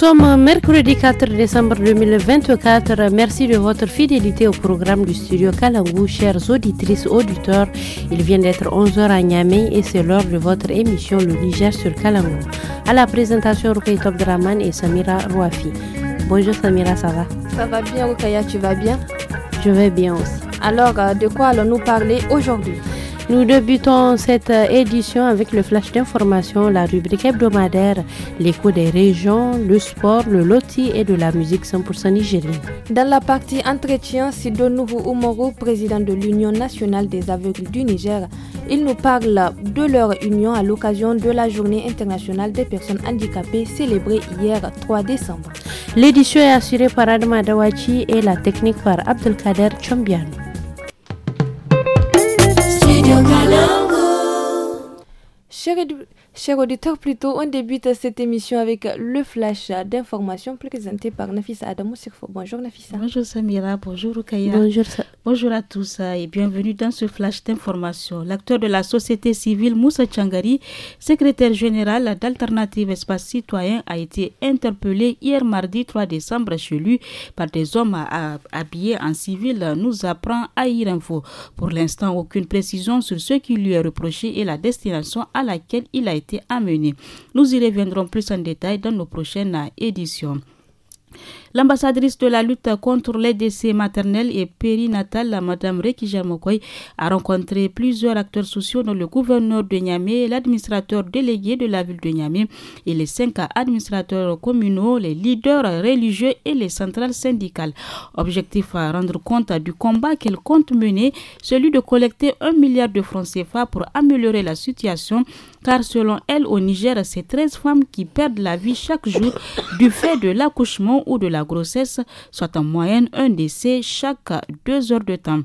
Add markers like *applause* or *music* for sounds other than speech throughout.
Nous sommes mercredi 4 décembre 2024. Merci de votre fidélité au programme du studio Kalangou, chères auditrices, auditeurs. Il vient d'être 11h à Niamey et c'est l'heure de votre émission Le Niger sur Kalangou. À la présentation, Rukai Draman et Samira Rouafi. Bonjour Samira, ça va Ça va bien, Rukaya, tu vas bien Je vais bien aussi. Alors, euh, de quoi allons-nous parler aujourd'hui nous débutons cette euh, édition avec le flash d'information, la rubrique hebdomadaire, l'écho des régions, le sport, le loti et de la musique 100% nigérienne. Dans la partie entretien, Sido nouveau président de l'Union nationale des aveugles du Niger, il nous parle de leur union à l'occasion de la Journée internationale des personnes handicapées célébrée hier 3 décembre. L'édition est assurée par Adama Dawachi et la technique par Abdelkader Chombian. sugar Chers auditeurs, plutôt, on débute cette émission avec le flash d'informations présenté par Nafisa Adamou Sirfo. Bonjour Nafisa. Bonjour Samira, bonjour Rukaya. Bonjour. Bonjour à tous euh, et bienvenue dans ce flash d'informations. L'acteur de la société civile Moussa Changari, secrétaire général d'Alternative Espace Citoyen, a été interpellé hier mardi 3 décembre chez lui par des hommes euh, habillés en civil, nous apprend Aïr Info. Pour l'instant, aucune précision sur ce qui lui est reproché et la destination à laquelle il a été été Nous y reviendrons plus en détail dans nos prochaines éditions. L'ambassadrice de la lutte contre les décès maternels et périnatales, Mme Rekija Mokoy, a rencontré plusieurs acteurs sociaux dont le gouverneur de Niamey, l'administrateur délégué de la ville de Niamey et les cinq administrateurs communaux, les leaders religieux et les centrales syndicales. Objectif à rendre compte du combat qu'elle compte mener, celui de collecter un milliard de francs CFA pour améliorer la situation car selon elle, au Niger, c'est 13 femmes qui perdent la vie chaque jour du fait de l'accouchement ou de la grossesse, soit en moyenne un décès chaque deux heures de temps.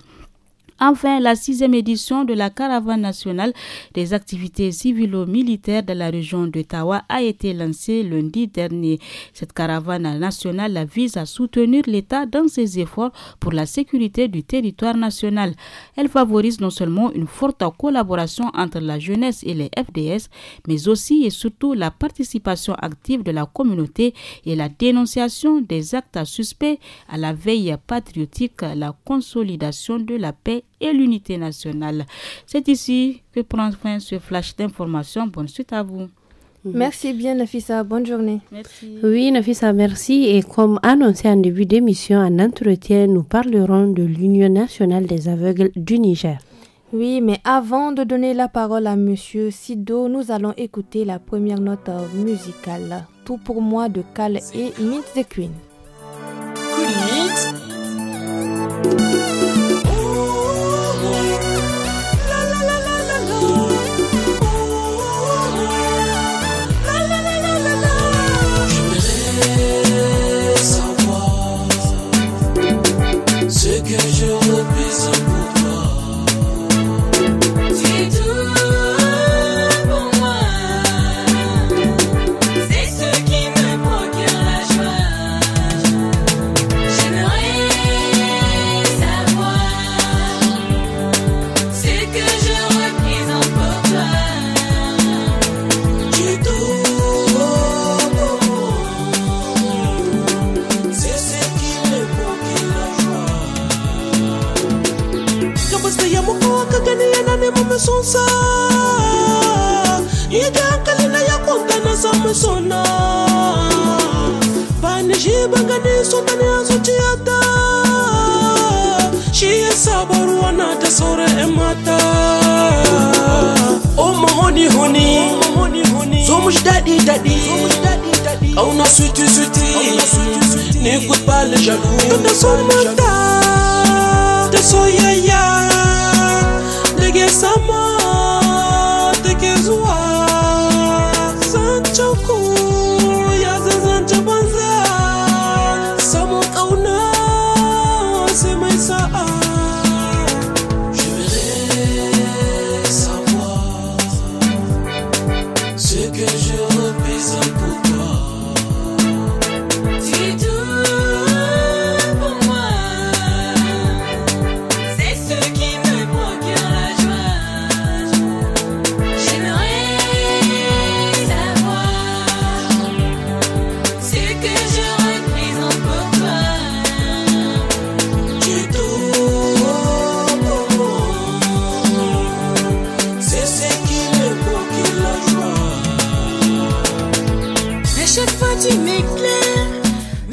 Enfin, la sixième édition de la caravane nationale des activités civilo-militaires de la région d'Ottawa a été lancée lundi dernier. Cette caravane nationale vise à soutenir l'État dans ses efforts pour la sécurité du territoire national. Elle favorise non seulement une forte collaboration entre la jeunesse et les FDS, mais aussi et surtout la participation active de la communauté et la dénonciation des actes suspects à la veille patriotique, la consolidation de la paix et l'unité nationale. C'est ici que prend fin ce flash d'information. Bonne suite à vous. Mhm. Merci bien, Nafisa. Bonne journée. Merci. Oui, Nafisa, merci. Et comme annoncé en début d'émission, en entretien, nous parlerons de l'Union nationale des aveugles du Niger. Oui, mais avant de donner la parole à Monsieur Sido, nous allons écouter la première note musicale. Tout pour moi de Cal et Meet the Queen.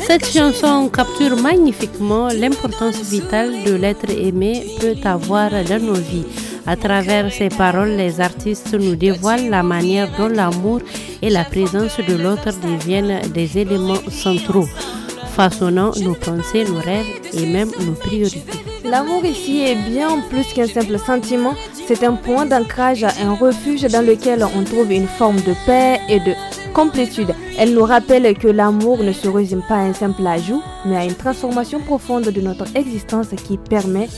Cette chanson capture magnifiquement l'importance vitale de l'être aimé peut avoir dans nos vies. À travers ces paroles, les artistes nous dévoilent la manière dont l'amour et la présence de l'autre deviennent des éléments centraux, façonnant nos pensées, nos rêves et même nos priorités. L'amour ici est bien plus qu'un simple sentiment, c'est un point d'ancrage, un refuge dans lequel on trouve une forme de paix et de complétude. Elle nous rappelle que l'amour ne se résume pas à un simple ajout, mais à une transformation profonde de notre existence qui permet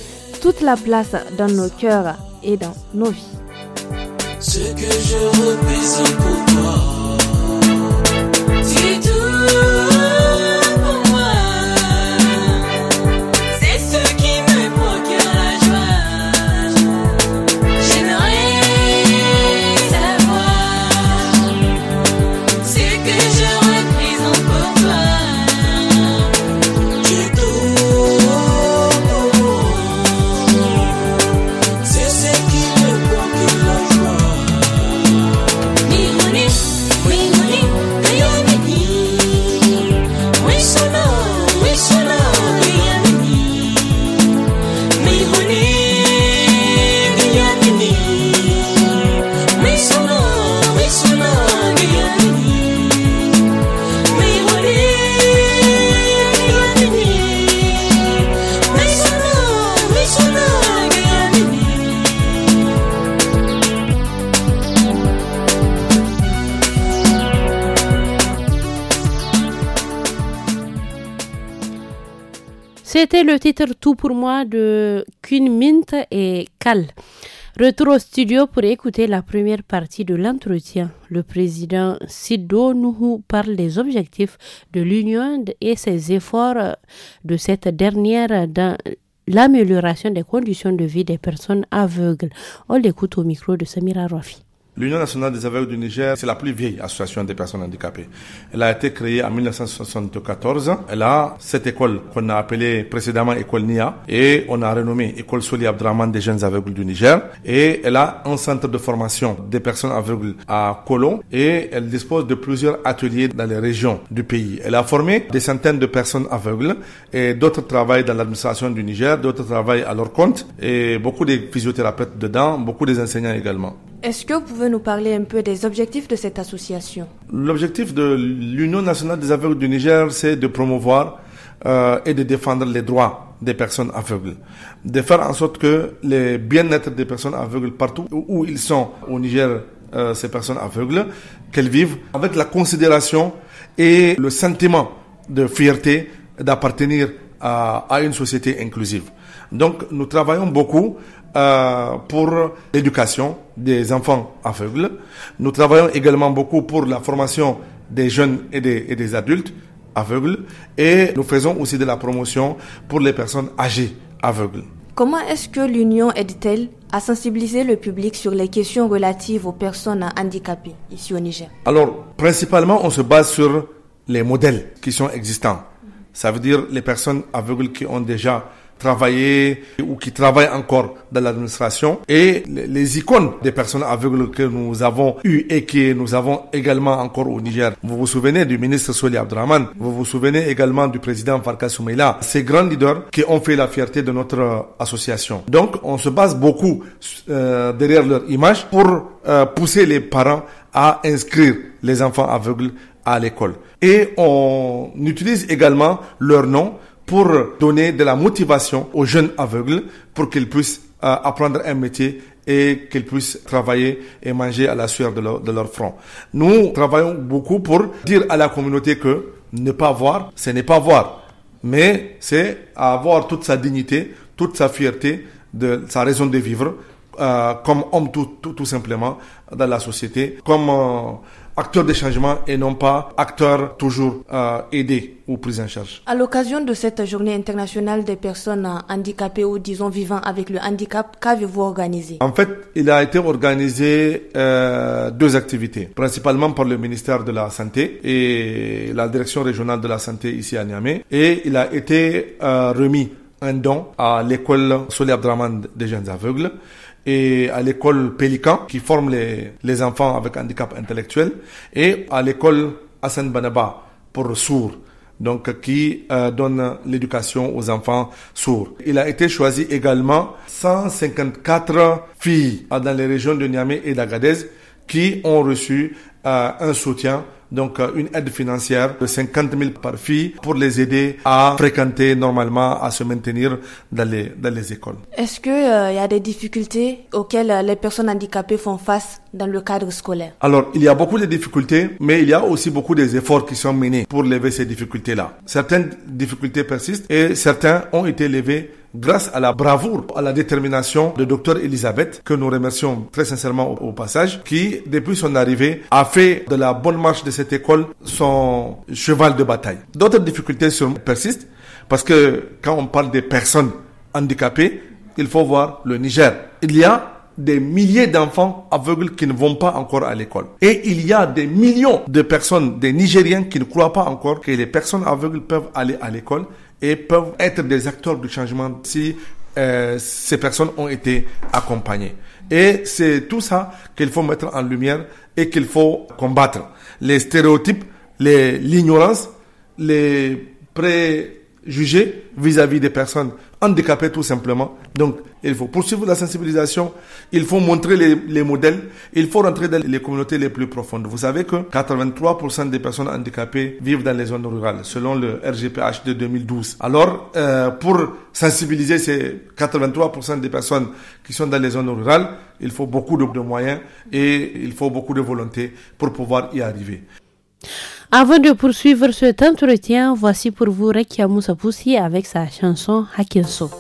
toute la place dans nos cœurs et dans nos vies. Ce que je C'était le titre tout pour moi de Queen Mint et Cal. Retour au studio pour écouter la première partie de l'entretien. Le président Sido Nuhu parle des objectifs de l'Union et ses efforts de cette dernière dans l'amélioration des conditions de vie des personnes aveugles. On l'écoute au micro de Samira Rafi. L'Union nationale des aveugles du Niger, c'est la plus vieille association des personnes handicapées. Elle a été créée en 1974. Elle a cette école qu'on a appelée précédemment École NIA et on a renommé École Soli Abdraman des jeunes aveugles du Niger. Et elle a un centre de formation des personnes aveugles à Kolon et elle dispose de plusieurs ateliers dans les régions du pays. Elle a formé des centaines de personnes aveugles et d'autres travaillent dans l'administration du Niger, d'autres travaillent à leur compte et beaucoup de physiothérapeutes dedans, beaucoup des enseignants également. Est-ce que vous pouvez nous parler un peu des objectifs de cette association L'objectif de l'Union nationale des aveugles du Niger, c'est de promouvoir euh, et de défendre les droits des personnes aveugles, de faire en sorte que le bien-être des personnes aveugles partout où ils sont au Niger, euh, ces personnes aveugles, qu'elles vivent avec la considération et le sentiment de fierté d'appartenir à, à une société inclusive. Donc nous travaillons beaucoup euh, pour l'éducation des enfants aveugles. Nous travaillons également beaucoup pour la formation des jeunes et des, et des adultes aveugles. Et nous faisons aussi de la promotion pour les personnes âgées aveugles. Comment est-ce que l'Union aide-t-elle à sensibiliser le public sur les questions relatives aux personnes handicapées ici au Niger Alors, principalement, on se base sur les modèles qui sont existants. Ça veut dire les personnes aveugles qui ont déjà travailler ou qui travaillent encore dans l'administration et les icônes des personnes aveugles que nous avons eues et que nous avons également encore au Niger. Vous vous souvenez du ministre Soli Abdraman, vous vous souvenez également du président Farka Soumeila, ces grands leaders qui ont fait la fierté de notre euh, association. Donc on se base beaucoup euh, derrière leur image pour euh, pousser les parents à inscrire les enfants aveugles à l'école. Et on utilise également leur nom pour donner de la motivation aux jeunes aveugles pour qu'ils puissent euh, apprendre un métier et qu'ils puissent travailler et manger à la sueur de leur, de leur front. Nous travaillons beaucoup pour dire à la communauté que ne pas voir, ce n'est pas voir, mais c'est avoir toute sa dignité, toute sa fierté, de sa raison de vivre euh, comme homme tout, tout, simplement dans la société, comme euh, acteur des changements et non pas acteur toujours euh, aidé ou pris en charge. À l'occasion de cette journée internationale des personnes euh, handicapées ou disons vivant avec le handicap, qu'avez-vous organisé En fait, il a été organisé euh, deux activités, principalement par le ministère de la Santé et la direction régionale de la santé ici à Niamey. Et il a été euh, remis un don à l'école Solé Abdraman des jeunes aveugles et à l'école Pélican qui forme les, les enfants avec handicap intellectuel et à l'école Hassan Banaba pour sourds donc qui euh, donne l'éducation aux enfants sourds. Il a été choisi également 154 filles dans les régions de Niamey et d'Agadez qui ont reçu euh, un soutien donc euh, une aide financière de 50 000 par fille pour les aider à fréquenter normalement, à se maintenir dans les, écoles. Est-ce qu'il euh, y a des difficultés auxquelles euh, les personnes handicapées font face dans le cadre scolaire Alors, il y a beaucoup de difficultés, mais il y a aussi beaucoup des efforts qui sont menés pour lever ces difficultés-là. Certaines difficultés persistent et certains ont été levés grâce à la bravoure, à la détermination de Dr Elisabeth, que nous remercions très sincèrement au, passage, qui, depuis son arrivée, a fait de la bonne marche de cette école son cheval de bataille. D'autres difficultés persistent, parce que quand on parle des personnes handicapées, il faut voir le Niger. Il y a des milliers d'enfants aveugles qui ne vont pas encore à l'école. Et il y a des millions de personnes, des Nigériens qui ne croient pas encore que les personnes aveugles peuvent aller à l'école et peuvent être des acteurs du changement si euh, ces personnes ont été accompagnées. Et c'est tout ça qu'il faut mettre en lumière et qu'il faut combattre. Les stéréotypes, l'ignorance, les, préjugés vis à -vis des personnes handicapés tout simplement. Donc, il faut poursuivre la sensibilisation, il faut montrer les, modèles, il faut rentrer dans les communautés les plus profondes. Vous savez que 83% des personnes handicapées vivent dans les zones rurales, selon le RGPH de 2012. Alors, euh, pour sensibiliser ces 83% des personnes qui sont dans les zones rurales, il faut beaucoup de moyens et il faut beaucoup de volonté pour pouvoir y arriver. Avant de poursuivre cet entretien, voici pour vous Rekia Moussapoussi avec sa chanson Hakinso.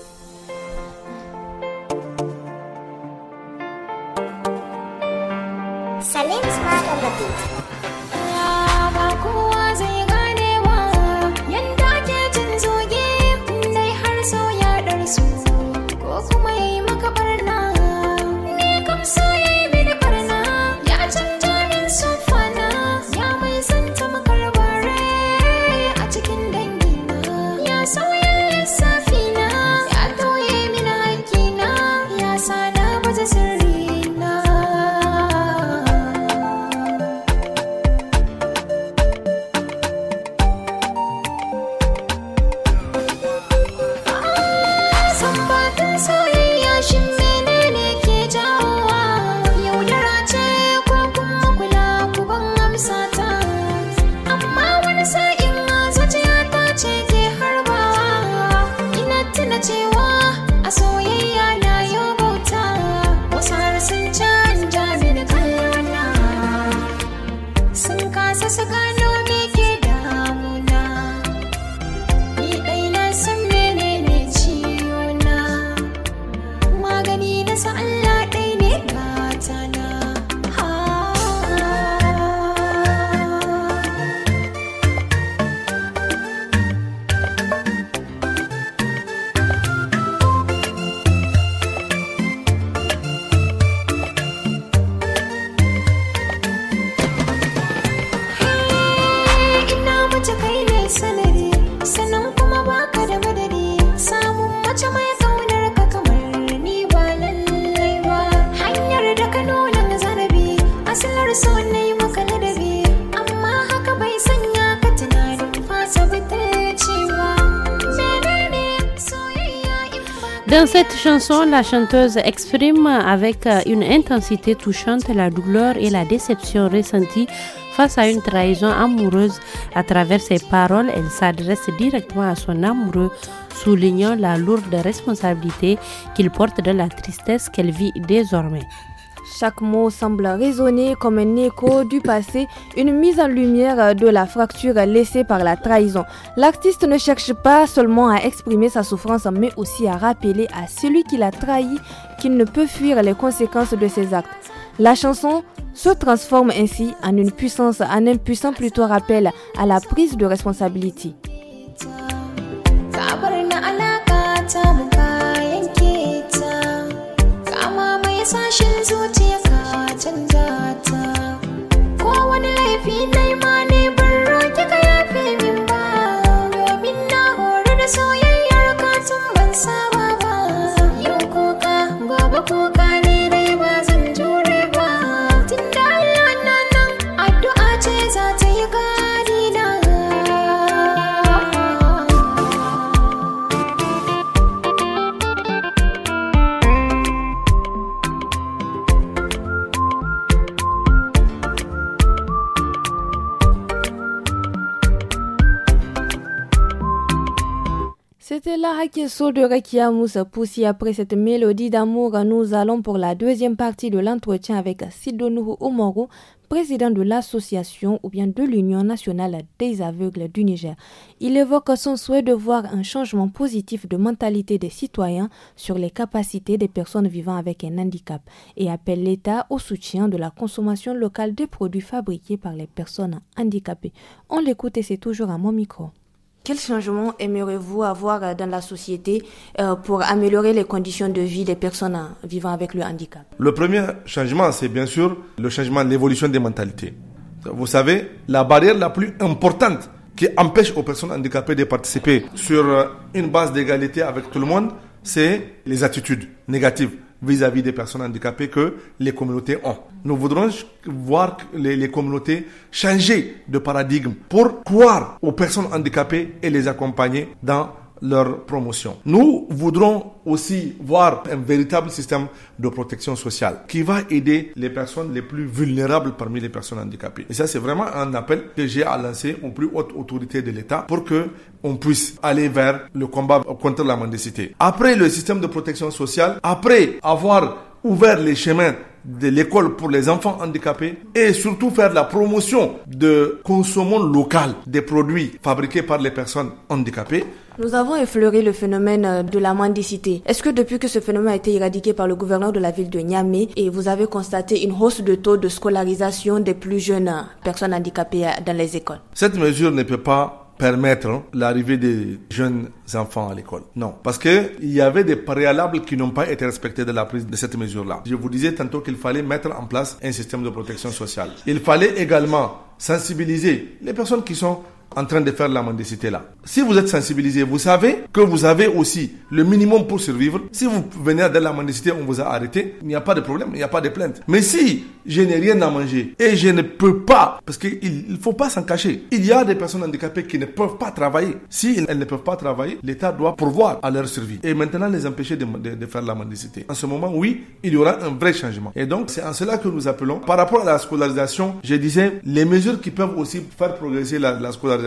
la chanteuse exprime avec euh, une intensité touchante la douleur et la déception ressentie face à une trahison amoureuse. À travers ses paroles, elle s'adresse directement à son amoureux, soulignant la lourde responsabilité qu'il porte de la tristesse qu'elle vit désormais. Chaque mot semble résonner comme un écho du passé, une mise en lumière de la fracture laissée par la trahison. L'artiste ne cherche pas seulement à exprimer sa souffrance, mais aussi à rappeler à celui qui l'a trahi qu'il ne peut fuir les conséquences de ses actes. La chanson se transforme ainsi en une puissance, en un puissant plutôt rappel à la prise de responsabilité. Akiso de Poussi. Après cette mélodie d'amour, nous allons pour la deuxième partie de l'entretien avec Sidonou Omoro, président de l'association ou bien de l'Union nationale des aveugles du Niger. Il évoque son souhait de voir un changement positif de mentalité des citoyens sur les capacités des personnes vivant avec un handicap et appelle l'État au soutien de la consommation locale des produits fabriqués par les personnes handicapées. On l'écoute et c'est toujours à mon micro. Quel changement aimeriez-vous avoir euh, dans la société euh, pour améliorer les conditions de vie des personnes hein, vivant avec le handicap Le premier changement, c'est bien sûr le changement, l'évolution des mentalités. Vous savez, la barrière la plus importante qui empêche aux personnes handicapées de participer sur euh, une base d'égalité avec tout le monde, c'est les attitudes négatives vis-à-vis des personnes handicapées que les communautés ont. Nous voudrons voir les, les, communautés changer de paradigme pour croire aux personnes handicapées et les accompagner dans leur promotion. Nous voudrons aussi voir un véritable système de protection sociale qui va aider les personnes les plus vulnérables parmi les personnes handicapées. Et ça, c'est vraiment un appel que j'ai à lancer aux plus hautes autorités de l'État pour que on puisse aller vers le combat contre la mendicité. Après le système de protection sociale, après avoir ouvert les chemins de l'école pour les enfants handicapés et surtout faire la promotion de consommation locale des produits fabriqués par les personnes handicapées. Nous avons effleuré le phénomène euh, de la mendicité. Est-ce que depuis que ce phénomène a été éradiqué par le gouverneur de la ville de Niamey et vous avez constaté une hausse de taux de scolarisation des plus jeunes euh, personnes handicapées euh, dans les écoles Cette mesure ne peut pas permettre l'arrivée des jeunes enfants à l'école. Non, parce que il y avait des préalables qui n'ont pas été respectés de la prise de cette mesure-là. Je vous disais tantôt qu'il fallait mettre en place un système de protection sociale. Il fallait également sensibiliser les personnes qui sont en train de faire la mendicité là. Si vous êtes sensibilisé, vous savez que vous avez aussi le minimum pour survivre. Si vous venez de la mendicité, on vous a arrêté, il n'y a pas de problème, il n'y a pas de plainte. Mais si je n'ai rien à manger et je ne peux pas, parce qu'il ne faut pas s'en cacher, il y a des personnes handicapées qui ne peuvent pas travailler. Si elles ne peuvent pas travailler, l'État doit pourvoir à leur survie et maintenant les empêcher de, faire la mendicité. En ce moment, oui, il y aura un vrai changement. Et donc, c'est en cela que nous appelons, par rapport à la scolarisation, je disais, les mesures qui peuvent aussi faire progresser la scolarisation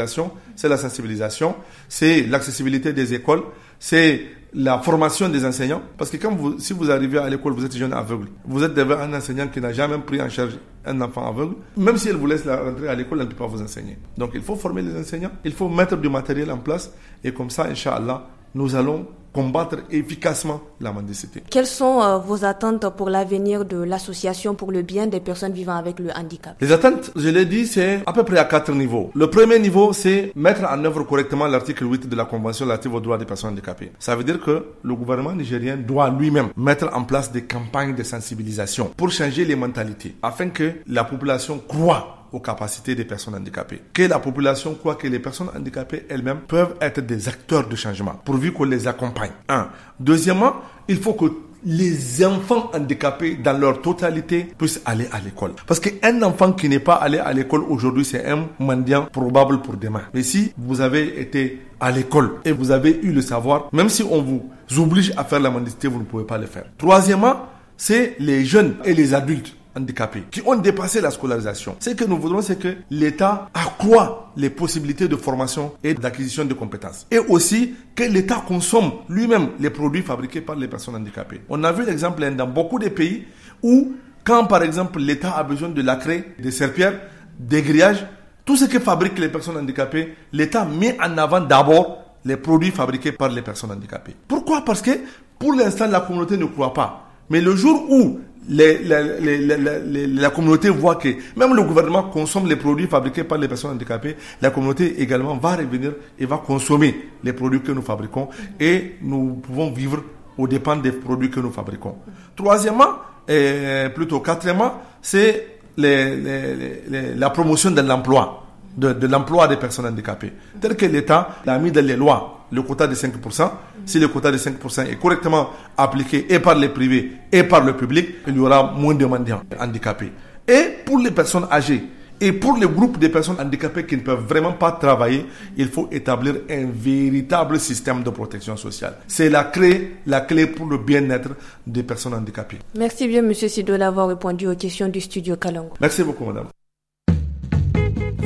c'est la sensibilisation, c'est l'accessibilité des écoles, c'est la formation des enseignants. Parce que quand vous, si vous arrivez à l'école, vous êtes jeune aveugle. Vous êtes devant un enseignant qui n'a jamais pris en charge un enfant aveugle. Même si elle vous laisse la rentrer à l'école, elle ne peut pas vous enseigner. Donc il faut former les enseignants, il faut mettre du matériel en place. Et comme ça, Inch'Allah, nous allons combattre efficacement la mendicité. Quelles sont euh, vos attentes pour l'avenir de l'association pour le bien des personnes vivant avec le handicap Les attentes, je l'ai dit, c'est à peu près à quatre niveaux. Le premier niveau, c'est mettre en œuvre correctement l'article 8 de la Convention relative aux droits des personnes handicapées. Ça veut dire que le gouvernement nigérien doit lui-même mettre en place des campagnes de sensibilisation pour changer les mentalités, afin que la population croie aux capacités des personnes handicapées. Que la population croit que les personnes handicapées elles-mêmes peuvent être des acteurs de changement, pourvu qu'on les accompagne. Un. Deuxièmement, il faut que les enfants handicapés dans leur totalité puissent aller à l'école. Parce qu'un enfant qui n'est pas allé à l'école aujourd'hui, c'est un mendiant probable pour demain. Mais si vous avez été à l'école et vous avez eu le savoir, même si on vous oblige à faire la mendicité, vous ne pouvez pas le faire. Troisièmement, c'est les jeunes et les adultes handicapés, qui ont dépassé la scolarisation. Ce que nous voudrons, c'est que l'État accroît les possibilités de formation et d'acquisition de compétences. Et aussi que l'État consomme lui-même les produits fabriqués par les personnes handicapées. On a vu l'exemple hein, dans beaucoup de pays où, quand par exemple l'État a besoin de la craie, des serpillères, des grillages, tout ce que fabriquent les personnes handicapées, l'État met en avant d'abord les produits fabriqués par les personnes handicapées. Pourquoi Parce que pour l'instant, la communauté ne croit pas. Mais le jour où la communauté voit que même le gouvernement consomme les produits fabriqués par les personnes handicapées, la communauté également va revenir et va consommer les produits que nous fabriquons et nous pouvons vivre aux dépens des produits que nous fabriquons. Troisièmement, et plutôt quatrièmement, c'est la promotion de l'emploi de, de l'emploi des personnes handicapées. Tel que l'État l'a mis dans les lois, le quota de 5%, si le quota de 5% est correctement appliqué et par les privés et par le public, il y aura moins de mendiants handicapés. Et pour les personnes âgées, et pour les groupes de personnes handicapées qui ne peuvent vraiment pas travailler, il faut établir un véritable système de protection sociale. C'est la clé, la clé pour le bien-être des personnes handicapées. Merci bien, Monsieur Sidol, d'avoir répondu aux questions du studio Kalongo. Merci beaucoup, Madame.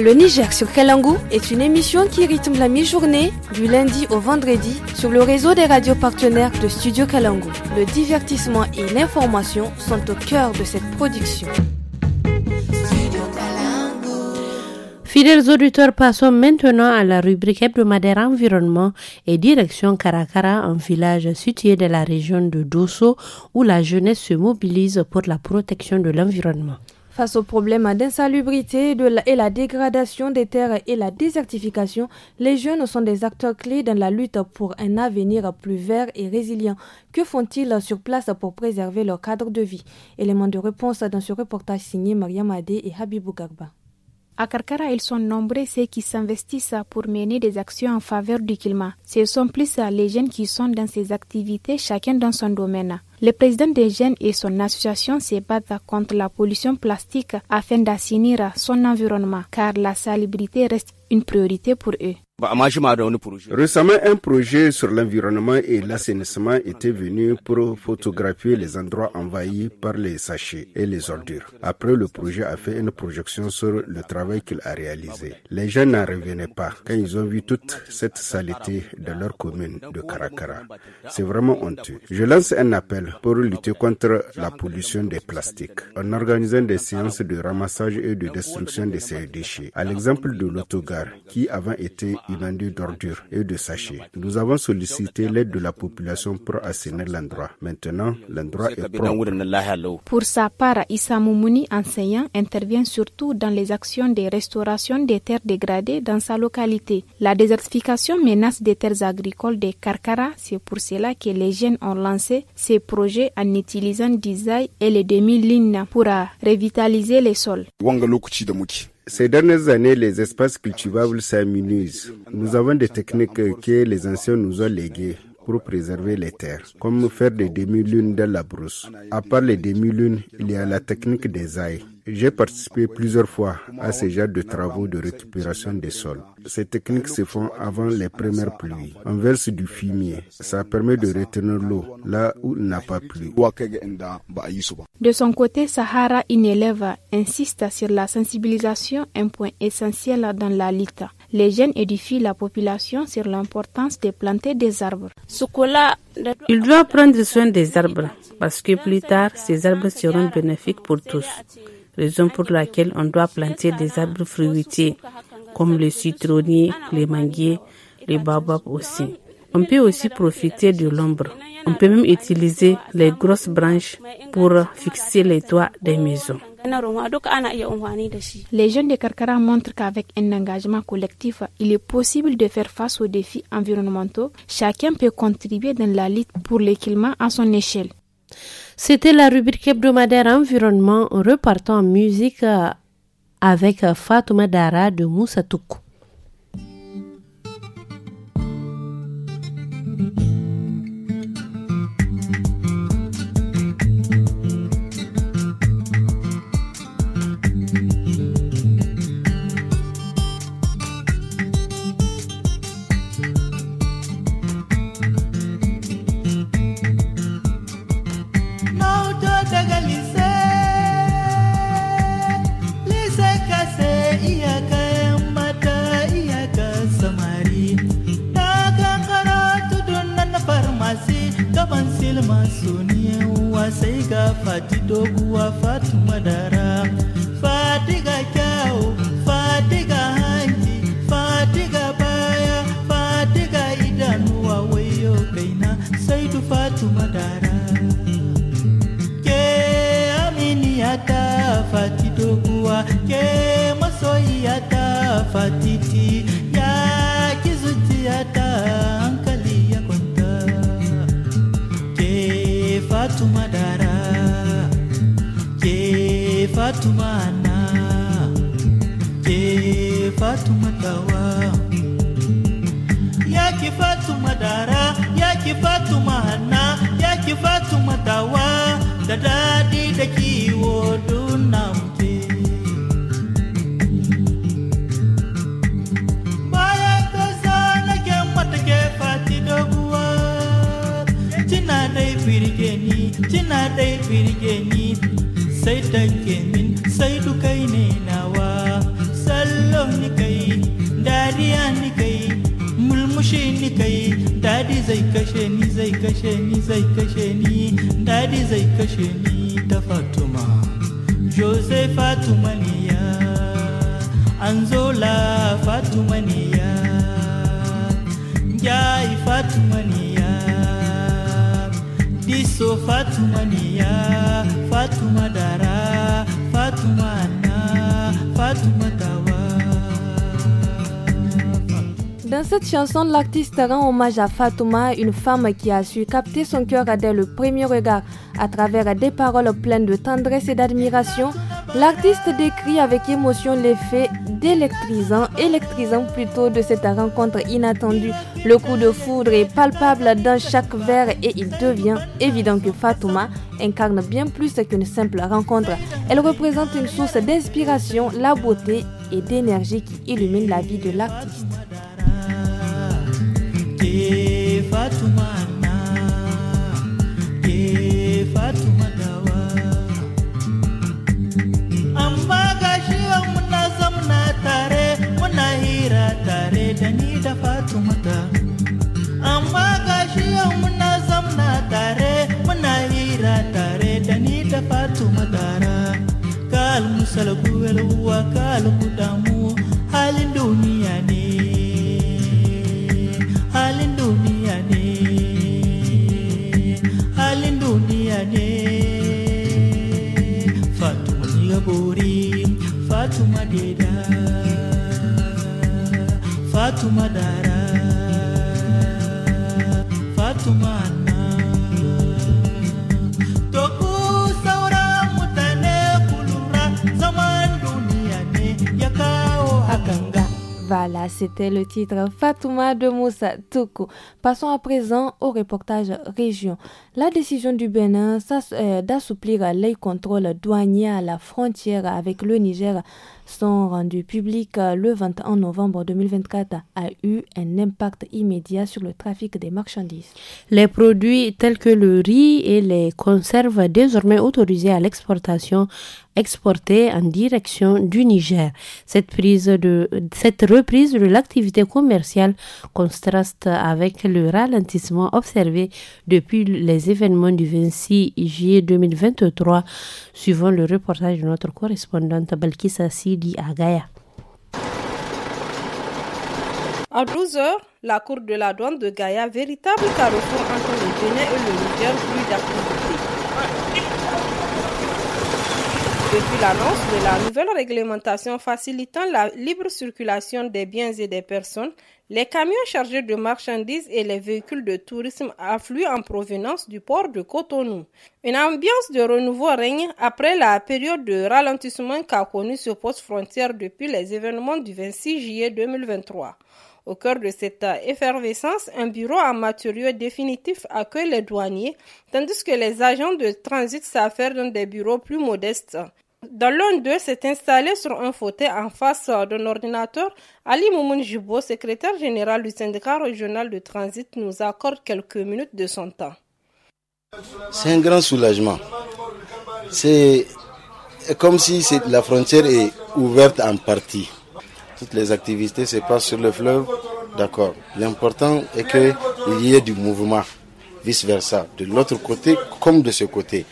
Le Niger sur Kalangu est une émission qui rythme la mi-journée du lundi au vendredi sur le réseau des radios partenaires de Studio Kalangu. Le divertissement et l'information sont au cœur de cette production. Fidèles auditeurs, passons maintenant à la rubrique hebdomadaire environnement et direction Karakara, un village situé dans la région de Dosso où la jeunesse se mobilise pour la protection de l'environnement. Face aux problèmes d'insalubrité et la dégradation des terres et la désertification, les jeunes sont des acteurs clés dans la lutte pour un avenir plus vert et résilient. Que font-ils sur place pour préserver leur cadre de vie Éléments de réponse dans ce reportage signé Mariam Adé et Habibou Garba. À Carcara, ils sont nombreux ceux qui s'investissent pour mener des actions en faveur du climat. Ce sont plus les jeunes qui sont dans ces activités, chacun dans son domaine. Le président des jeunes et son association se battent contre la pollution plastique afin d'assainir son environnement, car la salubrité reste une priorité pour eux. Bah, Récemment, un projet sur l'environnement et l'assainissement était venu pour photographier les endroits envahis par les sachets et les ordures. Après, le projet a fait une projection sur le travail qu'il a réalisé. Les gens n'en revenaient pas quand ils ont vu toute cette saleté dans leur commune de Caracara. C'est vraiment honteux. Je lance un appel pour lutter contre la pollution des plastiques en organisant des séances de ramassage et de destruction de ces déchets, à l'exemple de l'autogare qui avant était d'ordures et de sachets. Nous avons sollicité l'aide de la population pour assainir l'endroit. Maintenant, l'endroit est propre. Pour sa part, Issa Moumouni, enseignant, intervient surtout dans les actions de restauration des terres dégradées dans sa localité. La désertification menace des terres agricoles de Karkara. C'est pour cela que les jeunes ont lancé ces projets en utilisant des et les demi-lignes pour revitaliser les sols. Ces dernières années, les espaces cultivables s'aménuisent. Nous avons des techniques que les anciens nous ont léguées pour préserver les terres, comme faire des demi-lunes dans la brousse. À part les demi-lunes, il y a la technique des ailes j'ai participé plusieurs fois à ce genre de travaux de récupération des sols. Ces techniques se font avant les premières pluies. On verse du fumier. Ça permet de retenir l'eau là où il n'a pas plu. De son côté, Sahara Ineleva insiste sur la sensibilisation, un point essentiel dans la LITA. Les jeunes édifient la population sur l'importance de planter des arbres. Il doit prendre soin des arbres parce que plus tard, ces arbres seront bénéfiques pour tous raison pour laquelle on doit planter des arbres fruitiers, comme le citronnier, les manguiers, les baobabs aussi. On peut aussi profiter de l'ombre. On peut même utiliser les grosses branches pour fixer les toits des maisons. Les jeunes de Karkara montrent qu'avec un engagement collectif, il est possible de faire face aux défis environnementaux. Chacun peut contribuer dans la lutte pour le à son échelle. C'était la rubrique hebdomadaire environnement repartant en musique euh, avec euh, Fatouma Dara de Moussa Daddy zai kashe ni zai kashe ni zai kashe ni zai kashe ni ta fatuma jose fatuma ne ya anzola fatuma ne ya jai fatuma ne ya diso fatuma ne ya fatuma dara fatuma na fatuma Dans cette chanson, l'artiste rend hommage à Fatouma, une femme qui a su capter son cœur dès le premier regard. À travers des paroles pleines de tendresse et d'admiration, l'artiste décrit avec émotion l'effet d'électrisant, électrisant plutôt de cette rencontre inattendue. Le coup de foudre est palpable dans chaque vers et il devient évident que Fatouma incarne bien plus qu'une simple rencontre. Elle représente une source d'inspiration, la beauté et d'énergie qui illumine la vie de l'artiste. ke fatuma na ke fatuma dawa amma ga shi muna zamna tare muna tare da ni da fatuma ta amma ga shi muna zamna tare muna hira tare da ni da fatuma dara kal musalgu wa kal kudamu halin duniya ne Fatuma Deda Fatuma Dara Fatuma Anna Voilà, c'était le titre Fatouma de Moussa Toukou. Passons à présent au reportage région. La décision du Bénin euh, d'assouplir les contrôles douaniers à la frontière avec le Niger sont rendus publics euh, le 21 novembre 2024 a eu un impact immédiat sur le trafic des marchandises. Les produits tels que le riz et les conserves désormais autorisés à l'exportation exportés en direction du Niger. Cette, cette reprise de l'activité commerciale contraste avec le ralentissement observé depuis les événements du 26 juillet 2023, suivant le reportage de notre correspondante Balkis Assid à À 12 heures, la cour de la douane de Gaïa, véritable carrefour entre le Bénin et le Niger, plus d'activité. Depuis l'annonce de la nouvelle réglementation facilitant la libre circulation des biens et des personnes, les camions chargés de marchandises et les véhicules de tourisme affluent en provenance du port de Cotonou. Une ambiance de renouveau règne après la période de ralentissement qu'a connue ce poste frontière depuis les événements du 26 juillet 2023. Au cœur de cette effervescence, un bureau à définitif accueille les douaniers, tandis que les agents de transit s'affairent dans des bureaux plus modestes. Dans l'un d'eux s'est installé sur un fauteuil en face d'un ordinateur. Ali Moumoun Jubo, secrétaire général du syndicat régional de transit, nous accorde quelques minutes de son temps. C'est un grand soulagement. C'est comme si la frontière est ouverte en partie. Toutes les activités se passent sur le fleuve, d'accord. L'important est qu'il y ait du mouvement, vice-versa, de l'autre côté comme de ce côté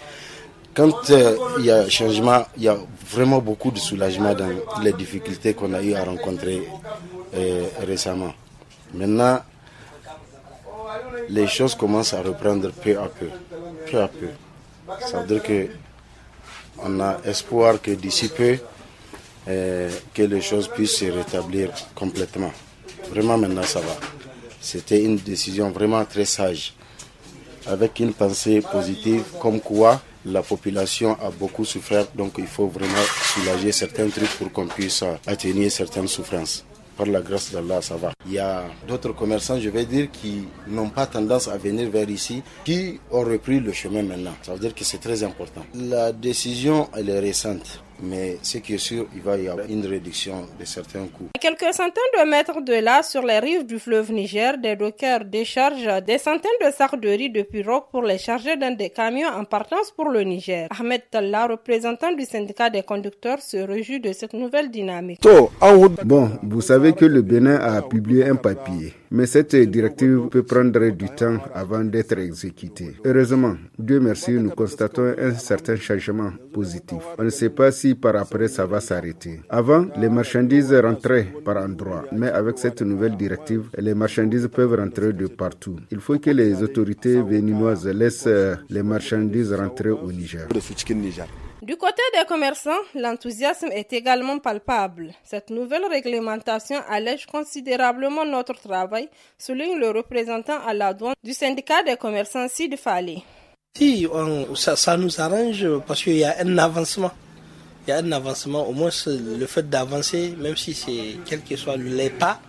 quand euh, il y a changement, il y a vraiment beaucoup de soulagement dans les difficultés qu'on a eu à rencontrer euh, récemment. Maintenant, les choses commencent à reprendre peu à peu, peu à peu. Ça veut dire que on a espoir que d'ici peu, euh, que les choses puissent se rétablir complètement. Vraiment, maintenant, ça va. C'était une décision vraiment très sage, avec une pensée positive, comme quoi la population a beaucoup souffert, donc il faut vraiment soulager certains trucs pour qu'on puisse atténuer certaines souffrances par la grâce d'Allah, ça va. Il y a d'autres commerçants, je vais dire, qui n'ont pas tendance à venir vers ici, qui ont repris le chemin maintenant. Ça veut dire que c'est très important. La décision, elle est récente mais ce qui est sûr, il va y avoir une réduction de certains coûts. quelques centaines de mètres de là, sur les rives du fleuve Niger, des dockers déchargent des centaines de sacs de riz de pirogue pour les charger dans des camions en partance pour le Niger. Ahmed Talla, représentant du syndicat des conducteurs, se réjouit de cette nouvelle dynamique. Bon, vous savez que le Bénin a publié un papier mais cette directive peut prendre du temps avant d'être exécutée. Heureusement, Dieu merci, nous constatons un certain changement positif. On ne sait pas si par après ça va s'arrêter. Avant, les marchandises rentraient par endroits, mais avec cette nouvelle directive, les marchandises peuvent rentrer de partout. Il faut que les autorités véninoises laissent euh, les marchandises rentrer au Niger. Du côté des commerçants, l'enthousiasme est également palpable. Cette nouvelle réglementation allège considérablement notre travail, souligne le représentant à la douane du syndicat des commerçants Sid Fallé. Si, ça, nous arrange parce qu'il y a un avancement. Il y a un avancement, au moins le fait d'avancer, même si c'est quel que soit l'état, pas,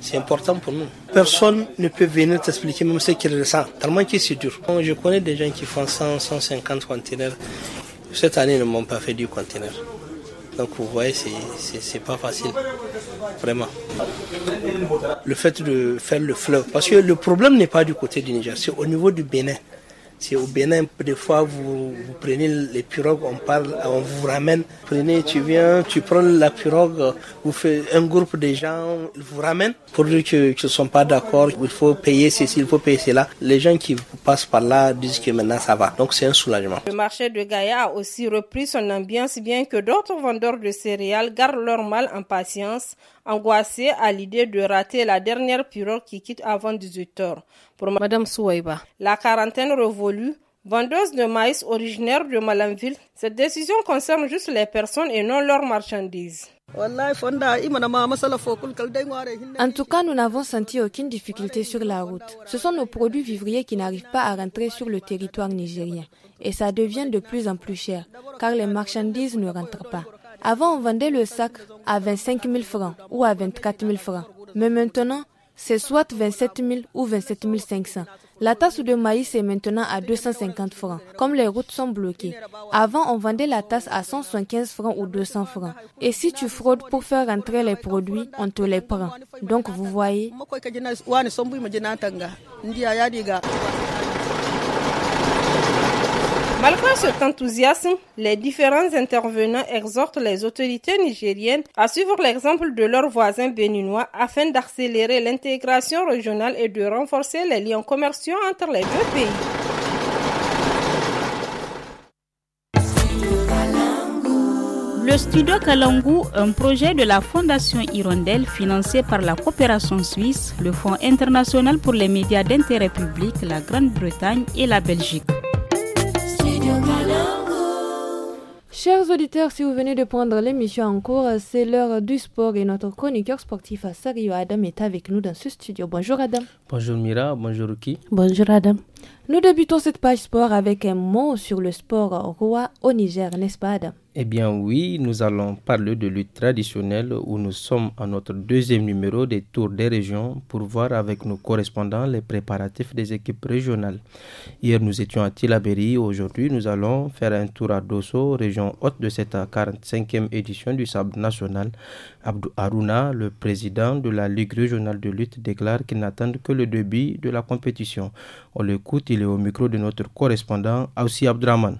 c'est important pour nous. Personne ne peut venir t'expliquer même ce qu'il ressent, tellement que c'est dur. je connais des gens qui font 100, 150 conteneurs cette année, ils ne m'ont pas fait du conteneur. Donc vous voyez, ce n'est pas facile. Vraiment. Le fait de faire le fleuve. Parce que le problème n'est pas du côté du Niger, c'est au niveau du Bénin. Si au Bénin, des fois, vous, prenez les pirogues, on parle, on vous ramène. Prenez, tu viens, tu prends la pirogue, vous faites un groupe de gens, ils vous ramènent. Pour dire qu'ils ne sont pas d'accord, il faut payer ceci, il faut payer cela. Les gens qui passent par là disent que maintenant ça va. Donc c'est un soulagement. Le marché de Gaïa a aussi repris son ambiance, bien que d'autres vendeurs de céréales gardent leur mal en patience angoissée à l'idée de rater la dernière pirogue qui quitte avant 18 heures. Pour Madame Souaïba, la quarantaine revolue, vendeuse de maïs originaire de Malanville, cette décision concerne juste les personnes et non leurs marchandises. En tout cas, nous n'avons senti aucune difficulté sur la route. Ce sont nos produits vivriers qui n'arrivent pas à rentrer sur le territoire nigérien. Et ça devient de plus en plus cher, car les marchandises ne rentrent pas. Avant, on vendait le sac à 25 000 francs ou à 24 000 francs. Mais maintenant, c'est soit 27 000 ou 27 500. La tasse de maïs est maintenant à 250 francs, comme les routes sont bloquées. Avant, on vendait la tasse à 175 francs ou 200 francs. Et si tu fraudes pour faire rentrer les produits, on te les prend. Donc, vous voyez. Malgré cet enthousiasme, les différents intervenants exhortent les autorités nigériennes à suivre l'exemple de leurs voisins béninois afin d'accélérer l'intégration régionale et de renforcer les liens commerciaux entre les deux pays. Le studio Kalangu, un projet de la Fondation Hirondelle financé par la coopération suisse, le Fonds international pour les médias d'intérêt public, la Grande-Bretagne et la Belgique. Chers auditeurs, si vous venez de prendre l'émission en cours, c'est l'heure du sport et notre chroniqueur sportif Sario Adam est avec nous dans ce studio. Bonjour Adam. Bonjour Mira, bonjour Ruki. Bonjour Adam. Nous débutons cette page sport avec un mot sur le sport roi au Niger, n'est-ce pas Adam eh bien oui, nous allons parler de lutte traditionnelle où nous sommes à notre deuxième numéro des tours des régions pour voir avec nos correspondants les préparatifs des équipes régionales. Hier nous étions à Tilaberi, aujourd'hui nous allons faire un tour à Dosso, région haute de cette 45e édition du Sable national. Abdou Aruna, le président de la Ligue régionale de lutte, déclare qu'il n'attend que le début de la compétition. On l'écoute, il est au micro de notre correspondant Aussi Abdraman.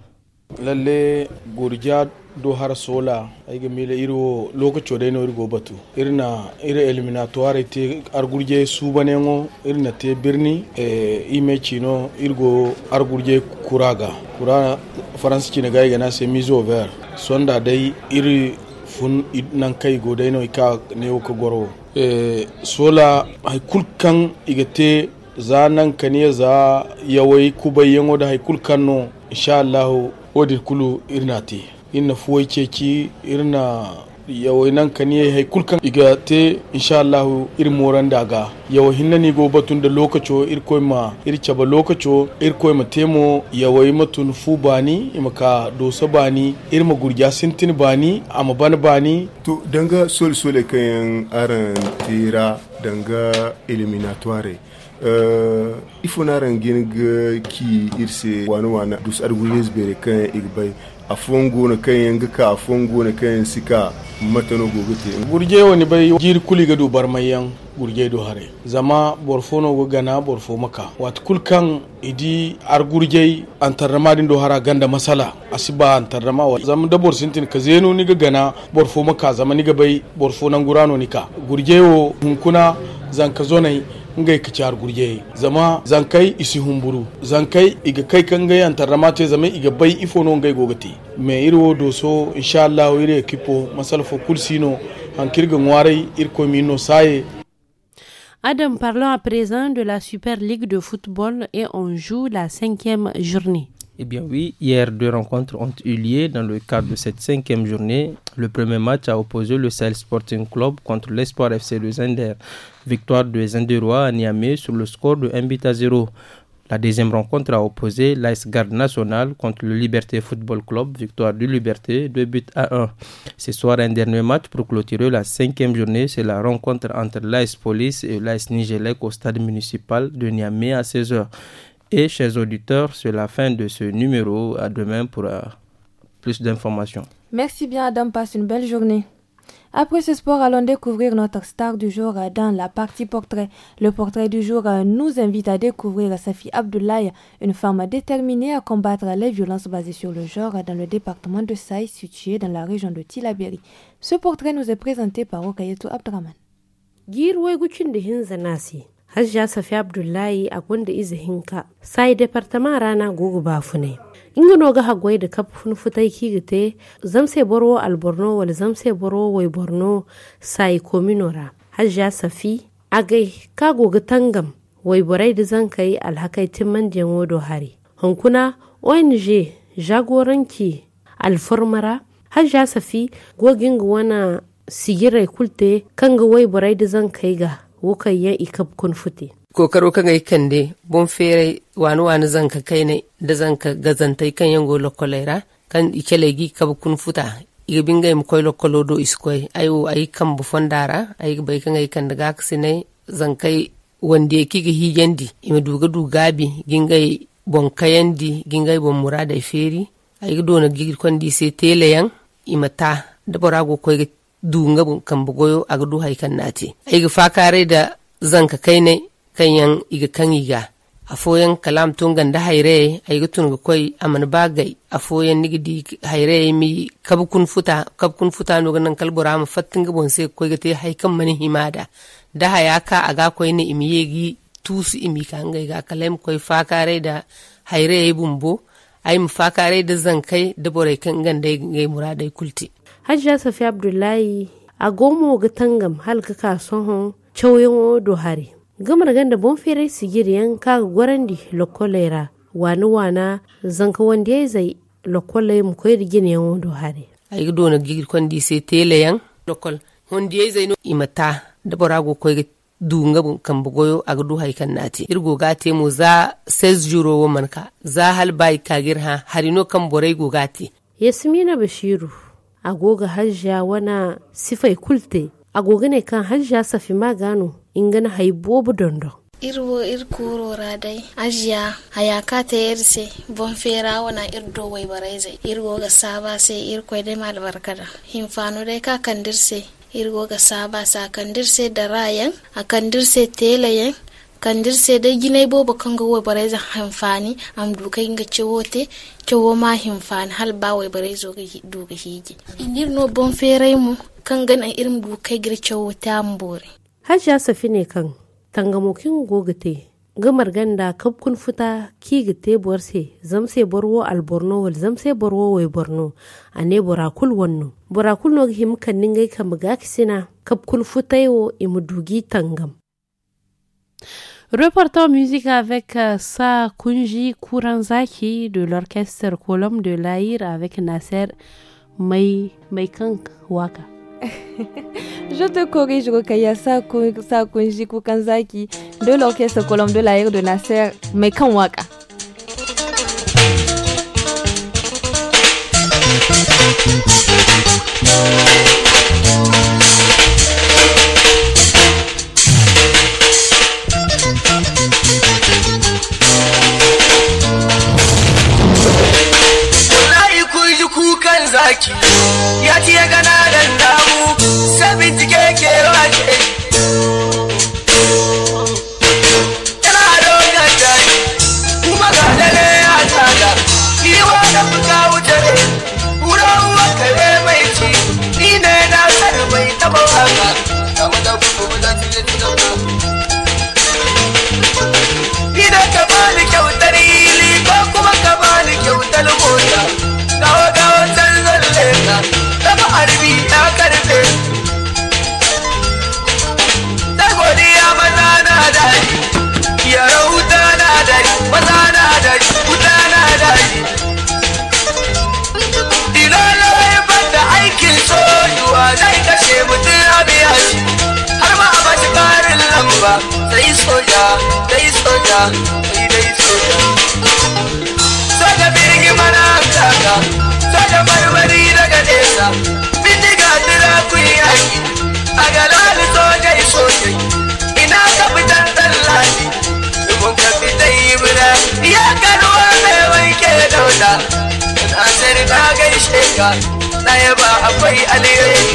lalle gurja do har sola ayga mile iro chode dayno irgo batu irna ira eliminatoire te argurje ngo irna te birni e ime chino irgo argurje kuraga kura france chine ga igana se mise au vert sonda dai iri fun nan kai go no ika ne ka goro e sola hay kulkan igate za nan kaniya za yawai kubayen da haikulkan no insha allahu wadi kulu irna te ina fuwai ceki irna yawai nan ka ne hai kulkan iga te insha Allah ir moran daga yawa hinna ni go tun da lokaco ir koy ma ir caba lokaco ir koy ma temo yawai matun fu bani ka dosa bani ir ma gurja sintin bani ama ban bani to danga sol sole kayan aran tira danga eliminatoire Uh, eh, ifonaran ginga ki irse wani wana dus argulis bere kan igbai a fongo na kan yanga ka a fongo na kan sika no gobe te gurje woni bai jir kuli ga dubar mayan gurje do hare zama borfo no go gana borfo maka wat kulkan idi ar gurje antarrama din do hara ganda masala asiba antarrama wa zama da borsintin ka zeno ni ga gana borfo maka zama ni ga bai borfo nan gurano nika gurje wo hunkuna zanka zonai ngai kachar gurje zama zankai isi humburu zankai iga kai kan gai antaramate zama iga bai ifo ngai gogati me irwo doso inshallah ire kipo masalfo kulsino hankirga ngwarai irko mino saye Adam, parlons à présent de la Super Ligue de football et on joue la cinquième journée. Eh bien oui, hier deux rencontres ont eu lieu dans le cadre de cette cinquième journée. Le premier match a opposé le Sahel Sporting Club contre l'Espoir FC de Zender. Victoire de Zenderois à Niamey sur le score de 1 but à 0. La deuxième rencontre a opposé l'Ice Garde Nationale contre le Liberté Football Club, victoire de Liberté, 2 buts à 1. Ce soir, un dernier match pour clôturer la cinquième journée, c'est la rencontre entre l'Ice Police et l'Ice Nigelec au stade municipal de Niamey à 16h. Et chers auditeurs, c'est la fin de ce numéro. À demain pour euh, plus d'informations. Merci bien, Adam. Passe une belle journée. Après ce sport, allons découvrir notre star du jour euh, dans la partie portrait. Le portrait du jour euh, nous invite à découvrir Safi Abdoulaye, une femme déterminée à combattre les violences basées sur le genre dans le département de Saï, situé dans la région de Tilaberi. Ce portrait nous est présenté par Okayeto Abdraman. Hajiya Safi Abdullahi a izihin izihinka sai departama rana gugu bafune. In ga hagwai da kafin futai kigite zamse boro al borno wal zamse boro wai borno sai kominora hajja safi agai ka goga tangam wai burai da zan kai alhakaitin mandiyan wodo hari hankuna ong jagoranki alfarmara hajja safi gogin wana sigirai kulte kan ga wai burai da zan kai ga wukan kan ya ikab kun fute kokaro kan yi kan de bon fere wani wani zanka kai ne da zanka gazantai kan yango lokolaira kan ikele gi kab kun futa iga binga im koy lokolo do ai wo ay kan bufon dara, ay bai kan ay kan daga sine zankai wanda ya yake hijen di, ima duga duga bi gin gai bon kayan di, gin gai bon murada feri ay do na gigir kondi se tele yan ima ta da bora go koy du nga kan bugoyo aga du hay kan nati iga fakare da zanka ne kan yan iga kan iga foyan kalam tun ganda haire a yi tun ga koi a bagai ni gidi haire mi kabukun futa Kabukun futa no ganan kalbura ma fattin ga bonse koi ga te yi kan mani himada da haya ka a ga koi ne imiyegi tusu imi ka ga ga kalam koi fakare da haire bumbo ai mu fakare da zankai da borai kan ganda ga muradai kulti hajiya safi abdullahi a goma ga tangam halka kason hon chowyon odo hari gamar ganda bon fere sigiri yan ka gwarandi lokolera wani wana zanka wanda ya zai lokole mu koyir gini yan odo hari a yi gudu wani gigir kondi se tele yan lokol wanda ya zai no imata da bora borago koyir dunga kan bugoyo a gudu haikan nati irgo ga mu za juro euro manka za hal bai kagir ha harino kan borai gogati yasmina bashiru agoga hajja wana sifai kulte agoga ne kan hajja safi magano ingana haibobu dondo irwo ir kurora dai ajiya hayaka ta yarse bon fera wana ir do wai baraize irwo ga saba sai ir koi dai mal barkada hinfano dai ka kandirse irgo ga saba sa kandirse da rayan a kandirse telayen kan dirse dai ginay bobo kanga bare zan hanfani am duka kay nga cewote cewo ma hinfani hal ba wo zo ga duka ga hiji indir no bon ferai mu kan gana irin duka kay gir cewote am bore hajja safi ne kan tangamokin gogate gamar ganda kabkun futa ki gite borse zamse borwo al borno wal zamse borwo wai borno ane borakul wanno borakul no him kan ningai kam ga kisina kabkun futaiwo dugi tangam Reportons musique avec euh, Sa Kunji Kuranzaki de l'orchestre Colombe de l'Aïr avec Nasser Maikank Waka. *laughs* Je te corrige, Rokaya Sa Kunji Kuranzaki de l'orchestre Colombe de l'Aïr de Nasser Maikank Waka. Yati ya ci ya da damu sabin jike ke rake zuciya na yaba akwai alayoyi.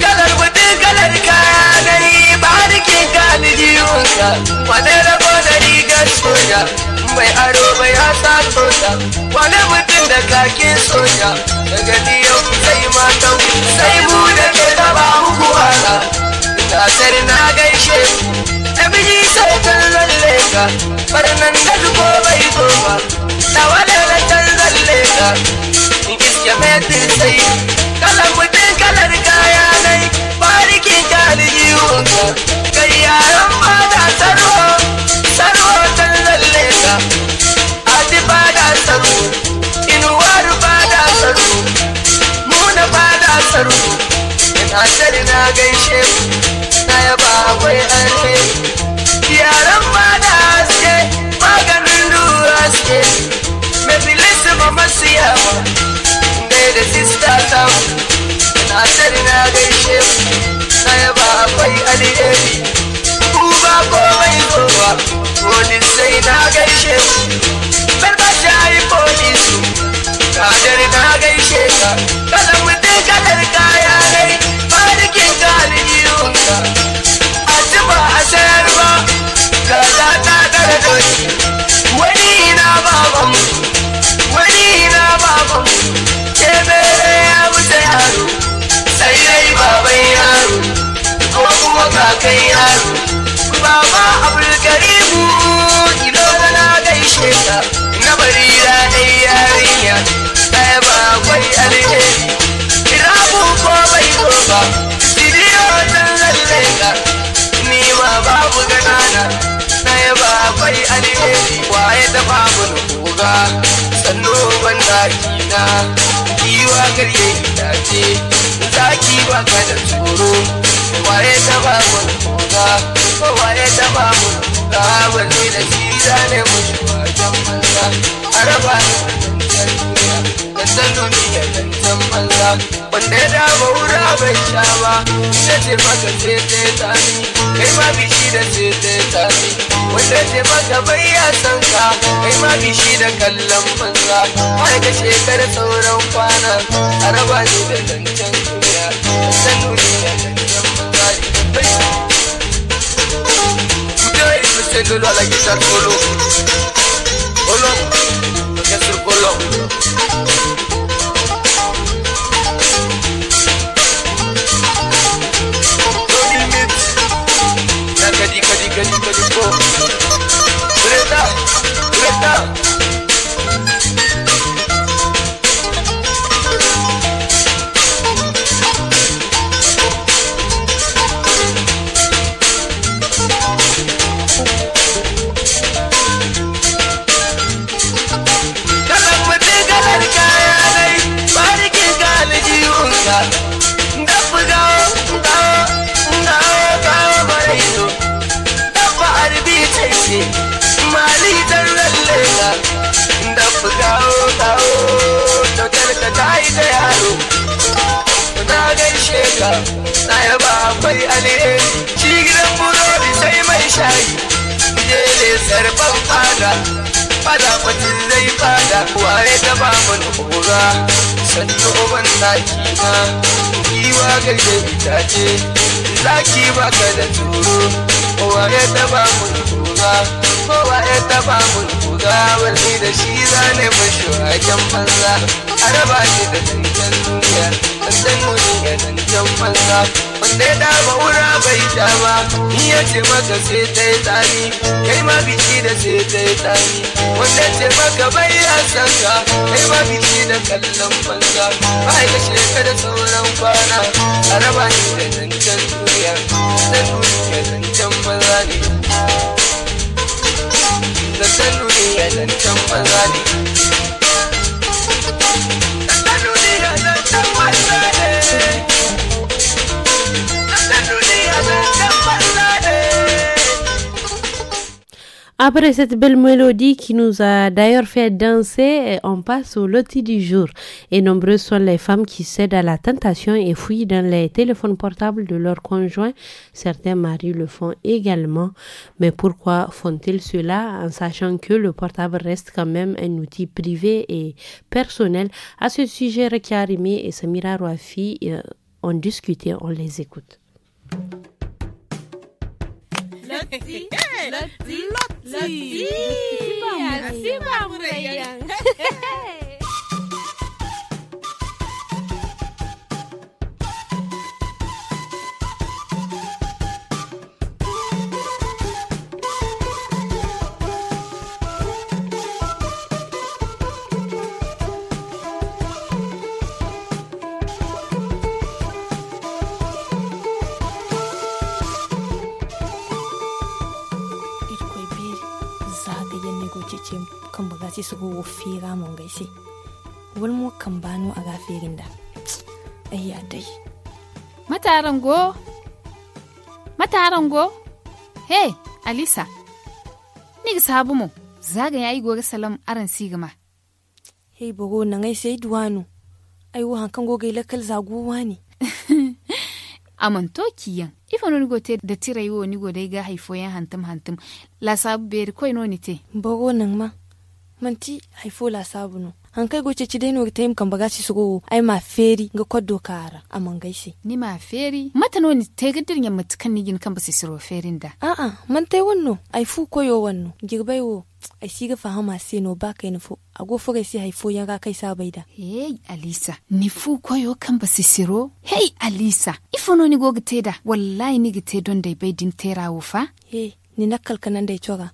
kalar budi kalar kaya na yi ba harkin ka aljihunka wane rabo da rigar soja mai aro mai hasa soja wane mutum da kakin soja daga yau sai matan sai mu da ke taba muku wasa tasar na gaishe ku ta biji sai kallon leka farnan da zubo bai goma leka iske fetin sai kalan mutum kalar kaya nai barikin kaliyunka kai yaran fada sarwa sarwa kan zalle ka adi fada inuwar fada muna fada ina na gaishe na yaba akwai arhe yaran fada haske maganin haske zuma masiya gai da sista ta na tari na gaishe na yaba akwai alheri ku ba komai kowa wani sai na gaishe barba ta yi polisu kadar na gaishe ka ba tsallo ban na kiwa karye itace zaki ba ka da tsoro waye ta ba mun kuka waye ta ba mun ba wanne da shi zane mu shi wajen araba da salumi da zancen banza wanda ya dama wura bai sha ba ita ce maka ce kai ma bishi da ce wanda ce maka bai ya san ka kai ma bishi da kallon banza har ga shekar sauran kwana a raba ne da zancen kuya da salumi da zancen banza Sendo la guitarra solo, solo, que es el color. mutum zai fada waye da ba mun hura sannu uban naki na giwa gaje itace zaki baka da turu waye da ba mun hura kowa ya taba mun hura wani da shi zane mashi waken banza a raba shi da zancen duniya sannan mun ya zancen banza ne dama wura bai sha ba in ya ce maka sai ta yi tsani kai ma biki da sai ta yi tsani wanda ce maka bai ya san ka kai ma biki da kallon banza ba ya kashe ka da sauran kwana a raba ni da zancen duniya da duniya zancen banza ne zancen duniya zancen banza ne Thank you. Après cette belle mélodie qui nous a d'ailleurs fait danser, eh, on passe au loti du jour. Et nombreuses sont les femmes qui cèdent à la tentation et fouillent dans les téléphones portables de leurs conjoints. Certains maris le font également. Mais pourquoi font-ils cela en sachant que le portable reste quand même un outil privé et personnel? À ce sujet, Rekia Arimi et Samira Rouafi eh, ont discuté, on les écoute. Loti. c'est Loti. c'est Loti. *laughs* su sugu fira mun gaisi wal mo kan banu a gafirin da ayya dai mataran go mataran go he alisa ni ga sabu mu zaga yayi gore salam aran sigama hey bogo nan ai sai duwanu ai wo hankan go gai lakal zaguwa ne *laughs* aman tokiyan ifa no nigo te da tirayi wo go dai ga haifo yan hantum hantum la sabu ber koi no ni te bogo nan ma manti hay fola sabunu hankai goce ci dai noga tayim kan su sugo ai ma feri ga koddo kara aman gaishe ni ma feri mata no ni tay gaddir yamma matkan ni gin kan basi siro ferin da a a man tay wonno ai fu koyo wonno girbai wo ai siga fahama sai no ba kai nufo a gofo gai sai haifo ga kai sabai da hey alisa ni fu koyo kan basi siro hey alisa ifo no ni goga da wallahi ni gite don da bai din tera fa hey ni nakkal kanan dai coga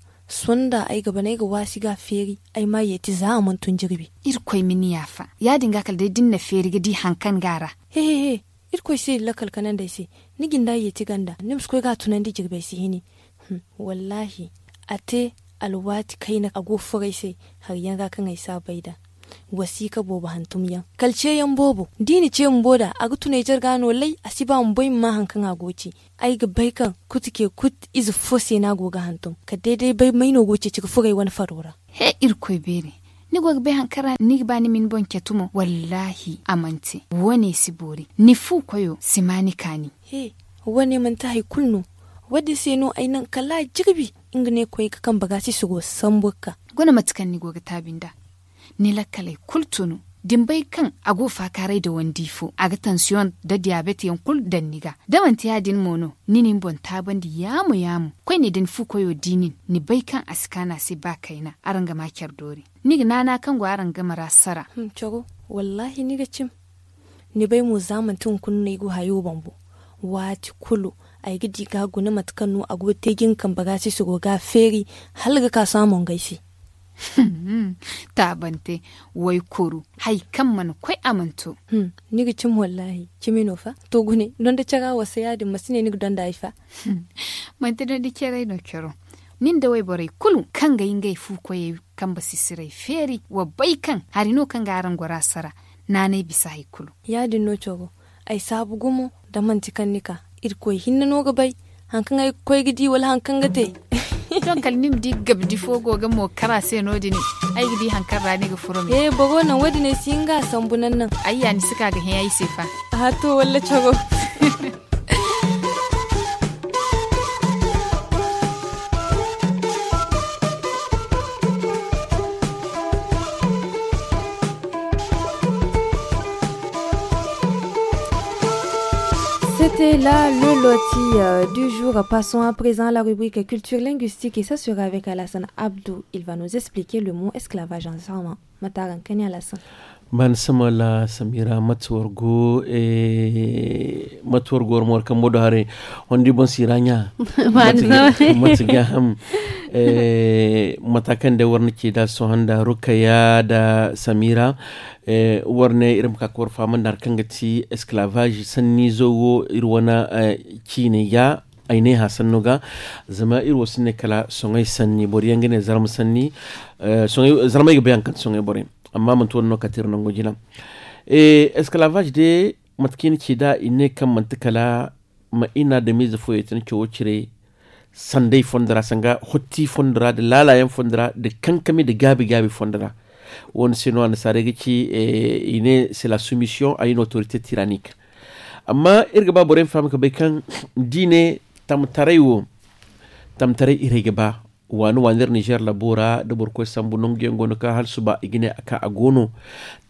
da ai gaba ne ga wasi ga feri ai ma yeti za a mantun jirbi Irkwai mini ya fa. ya dinga kal dai dinna feri ga di hankan gara he he he irkwai sai lakal kanan da sai nigin da yeti ganda nims koi ga tunan di jirbe si hini hmm, wallahi ate alwati kai na agofurai sai har yanga kan ai sabai da wasika ka bobo hantum yan kalce yan bobo dini ce mun boda a gutu ne jar gano lai a si ba mun bai ma hankan a goci ai ga bai kan kutike kut izu fose na goga hantum ka daidai bai mai no goce cika fugai wani farora he irkoi bere ni gwag bai hankara ni ba ni min bonke tumo wallahi amante wone si bori ni fu koyo si mani kani he wone man tahi kullu wadi sai no ai nan kala jirbi ne koyi kakan baga si sugo sambuka gona matukan ni goga tabinda ni la kultunu dimbai kan ago fakarai da wandifo a ga tansiyon da diabetes yan kul da niga man ta din mono nin bon taban di yamu yamu kai ni din koyo dinin ni bai kan askana sai ba kaina aranga makiyar dori ni na kan go aranga marasara hmm chogo wallahi ni ga cim ni bai mu zaman tun kun ne go hayo bambo wati kulu ai gidi ga guna matkanu ago tegin kan baga ci su go ga feri halga ka samun gaisi *laughs* bante wai kuru hai kan man kwai amanto ni ga cim wallahi cimi no fa to gune don da caga wasa yadin masine ni don da haifa hmm. man ta don da kere no kero nin da wai borai kulu kan ga yin gaifu kan ba sirai feri wa bai kan hari no kan ga aran gwara sara na ne bisa hai kulu yadin no cogo ai sabu gumo da kan nika irko hinna no bai hankan ai koyi gidi wala hankan ga te *laughs* don kalnim di gabdi fogo ga mo kara se no dini ai gidi hankar rani ga furo eh bogo nan wadi ne singa sambunan nan ayya ni suka ga hayi sefa ha to walla chogo *laughs* C'est là le loti euh, du jour. Passons à présent à la rubrique culture linguistique et ça sera avec Alassane Abdou. Il va nous expliquer le mot esclavage en en Mataran Alassane. ban sama la samira matsorgo e matsorgo mor kam modo hare hondi bon siranya *laughs* matiga *laughs* ham e matakan da warna ke da so handa rukaya da samira e warne irin ka kor faman dar kan gati esclavage sanni zowo irwana e, kine ya aine hasan noga zama ir wasu ne kala songai sanni bori yangene zarm sanni e, songai zarmai ga bayan kan songai bori amma mantuwar no katir nan gujina e, de matkin ci da ine mantikala ma ina de miza fo sandai fondra sanga hotti fondra de lalayen fondra de kankami de gabi gabi fondra wani sino sa sarege e, ine c'est la soumission à une autorité tyrannique amma irga ba boren fam tam wani wanir niger labora da burko sambu non gen gono ka hal suba igine aka agono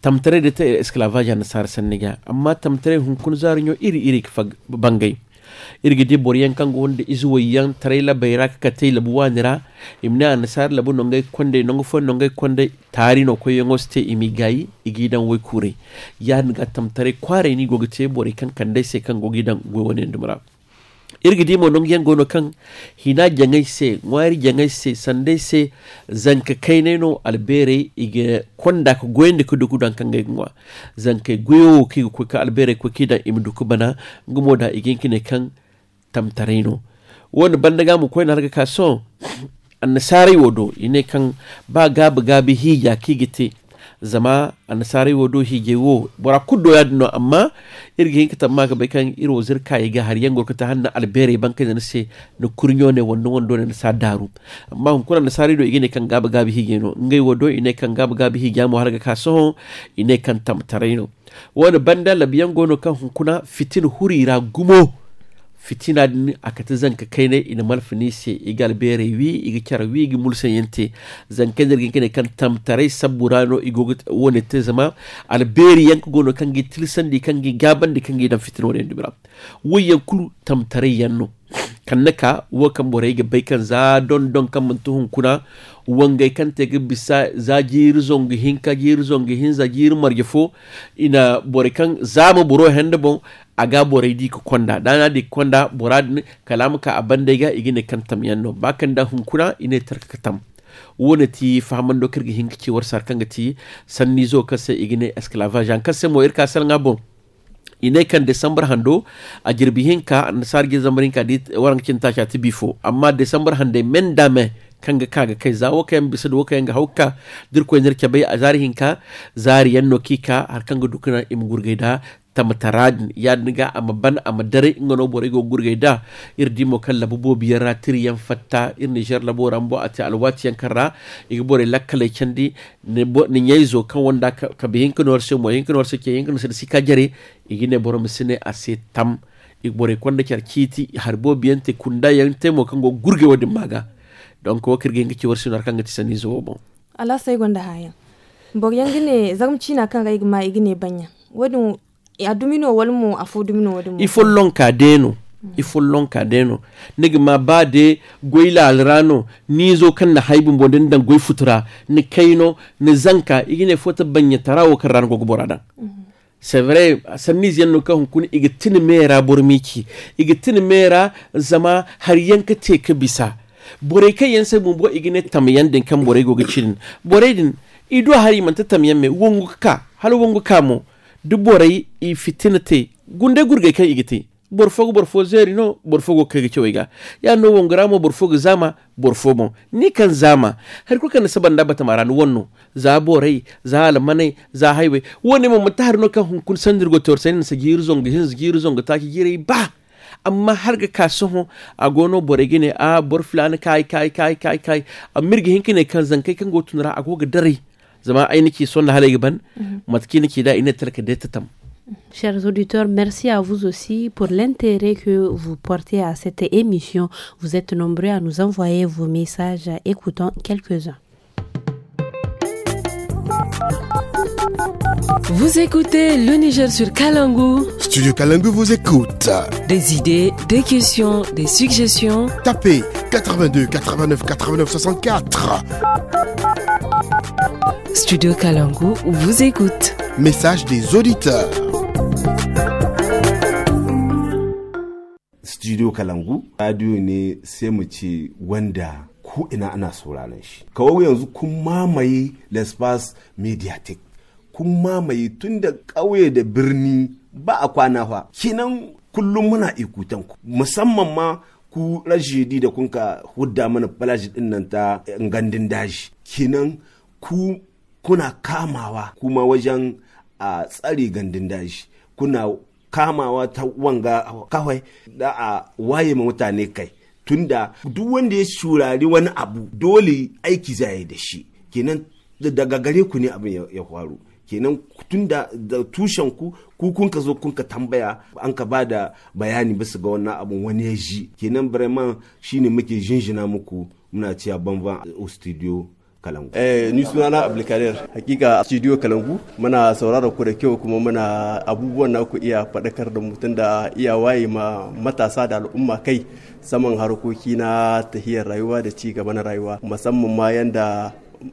tamtare da ta esclavage na sar sanniga amma tamtare hun kun zarinyo iri iri bangai irgidi boriyan kango yan tare tarayla bayrak ka labu wanira imna anasar labu gai konde nongo fo nongay konde tari no ko yongo ste imigai igidan wai kure yan ga tamtare kware ni gogte bori kan kande sai kan gogidan gwe wonen irgidimo non yango no kan hina jangai se ngwari jangai se sande se zanka kaine no albere ige konda ko gwende ko duku dan kan ngwa zanka gweyo ki ko ka albere ko kida da imdu ko bana ngumo da igen kine kan tamtareno won bandaga mu ko na harga an sari wodo ine kan ba gabi gabi hija kigite zama a yi wa hige wo bora ya dino amma irgi hinka tamma ka bai kan iro zirka ga har yango ka ta hanna albere banka ne se na kurnyo ne wannan wando ne sa daru amma hun kuna nasari do igine kan gaba gabi hige no ngai do ine kan gaba gabi hige mu har ga kaso ine kan tamtare no wani banda labiyan gono kan hun kuna fitin hurira gumo fitina dini akati zanka kaina ina malfinise igal bere wi iga char wi iga mulsa yente zanka dergin kene kan tam tamtare saburano igo wone tezama al bere yanko gono kangi tilsandi kangi gabandi kangi dan fitina wone ndibra wayan kulu tam tamtare yanno kan naka wo kan borai ga bai kan za don don kan mun tuhun kuna wangai kan te ga bisa za jir zongi hin ka jir zongi hin za jir marjefo ina bore kan za mu buro handa bon aga bore di ko konda dana di konda borad kalam ka abanda ga igine kan tam yanno bakan da hun kuna ine tarka tam wona ti do kirgi hin ki war sar kan ga ti sanni zo kase igine esclavage an kase mo irka sal bon. ina kan december hando a jirbi hinka na sargi zamarin ka di waran cinta sha ti fo amma december hande men dame kan ga kaga kai za waka yan bisa da waka yan ga hauka dirko bai a zari hinka zari yan noki ka har kan ga dukkan im gurgaida tamataradin yadniga ama ban ama dare ingano bore go gurgayda irdimo kan labubo biyara yan fatta ir niger labo rambo ati alwati yankara igi bore lakale chandi ne bo ne nyaizo kan wanda ka be hinkin warse mo hinkin warse ke hinkin warse sika jare igi ne boro misine ase tam igi bore kwanda kyar kiti harbo biyante kunda yan temo kan go gurge wadin maga donc wo kirge ngi ci warse nar kan ngi tisani zo bon ala sai gonda hayan bor yangine zarmci na kan raigma igine banya wadin e adumino walmo afo dumino lonka ifollon ifo lonka deno nigi ma ba de goyla alrano ni zo kan na haibu bonden dan goy futura ni kaino ni zanka igine fota banya tarawo kan ran go borada c'est vrai sanni ziyanno ka hun kun igitin mera bormiki igitin tini mera zama har yanka te ka bisa bore kai yan sai bumbo igine tamiyan din kan bore go gicin bore din ido hari man tamiyan me wonguka halu hal mu ka mo du boray i fitinate gunde gurgay kan igite borfogo borfo zerino borfogo kege cewega ya no wongramo borfogo zama borfomo ni kan zama har ko kan saban dabata maran wonno za borai za almanai za haiwe woni mo mutahar no kan hunkun sandirgo torsanin sa hin giru girzon ta ki girei ba amma har ga kasuhu a gono bore a borflan kai kai kai kai kai a mirgi hinkine kan zankai kan gotunura a goga dare Mhm. Chers auditeurs, merci à vous aussi pour l'intérêt que vous portez à cette émission. Vous êtes nombreux à nous envoyer vos messages. Écoutons quelques-uns. Vous écoutez le Niger sur Kalangu. Studio Kalangu vous écoute. Des idées, des questions, des suggestions. Tapez 82 89 89 64. Studio Kalangu vous écoute. Message des auditeurs. Studio Kalangou, radio ne sai mu ce wanda ko ina ana sauraron shi. Kawai yanzu kun mamaye l'espace médiatique. Kun mamaye tun da ƙauye da birni ba a kwana fa. Kinan kullum muna ikutan ku. Musamman ma ku rashidi da ka hudda mana falashi ɗin ta gandun daji. Kinan ku kuna kamawa kuma wajen a tsare gandun daji kuna kamawa ta wanga kawai da a waye ma mutane kai tunda duk wanda ya shurari wani abu dole aiki zai da shi kenan daga gare ku ne abin ya faru kenan tunda da tushen ku ku kun ka zo kun ka tambaya an ka ba da bayani bisa ga wannan abun wani ya ji kenan bremen shine muke jinjina muku muna cewa banban a studio kalangu eh ni sunana abdulkadir hakika studio kalangu muna saurara ku da kyau kuma muna abubuwan na ku iya faɗakar da mutum da iya waye ma matasa da al'umma kai saman harkoki na tahiyar rayuwa da ci gaba na rayuwa musamman ma yanda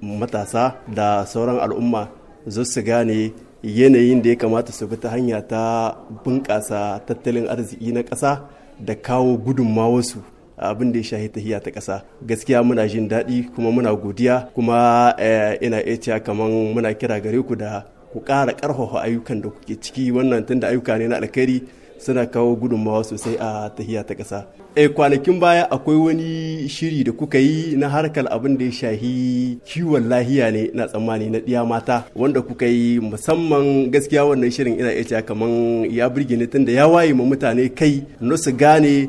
matasa da sauran al'umma za su gane yanayin da ya kamata su bi ta hanya ta bunƙasa tattalin arziki na ƙasa da kawo gudunmawarsu abin da ya shahi tahiya ta ƙasa gaskiya muna jin daɗi kuma muna godiya kuma eh, ina iya cewa kaman muna kira gare ku da ku ƙara ƙarfafa ayyukan da kuke ciki wannan tunda ayyuka ne na alkhairi suna kawo gudunmawa sosai a tahiya ta ƙasa. Eh, kwanakin baya akwai wani shiri da kuka yi na harkar abin da ya shahi kiwon lahiya ne na tsammani na ɗiya mata wanda kuka yi musamman gaskiya wannan shirin ina iya cewa kaman ya burge ni tunda ya waye ma mutane kai na su gane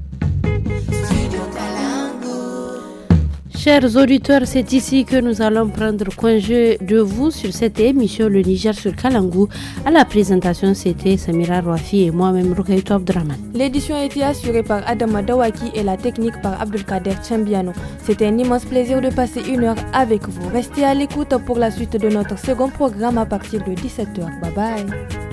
Chers auditeurs, c'est ici que nous allons prendre congé de vous sur cette émission Le Niger sur Kalangou. À la présentation, c'était Samira Rouafi et moi-même Rukaito Abdraman. L'édition a été assurée par Adama Dawaki et la technique par Abdelkader Chambiano. C'était un immense plaisir de passer une heure avec vous. Restez à l'écoute pour la suite de notre second programme à partir de 17h. Bye bye.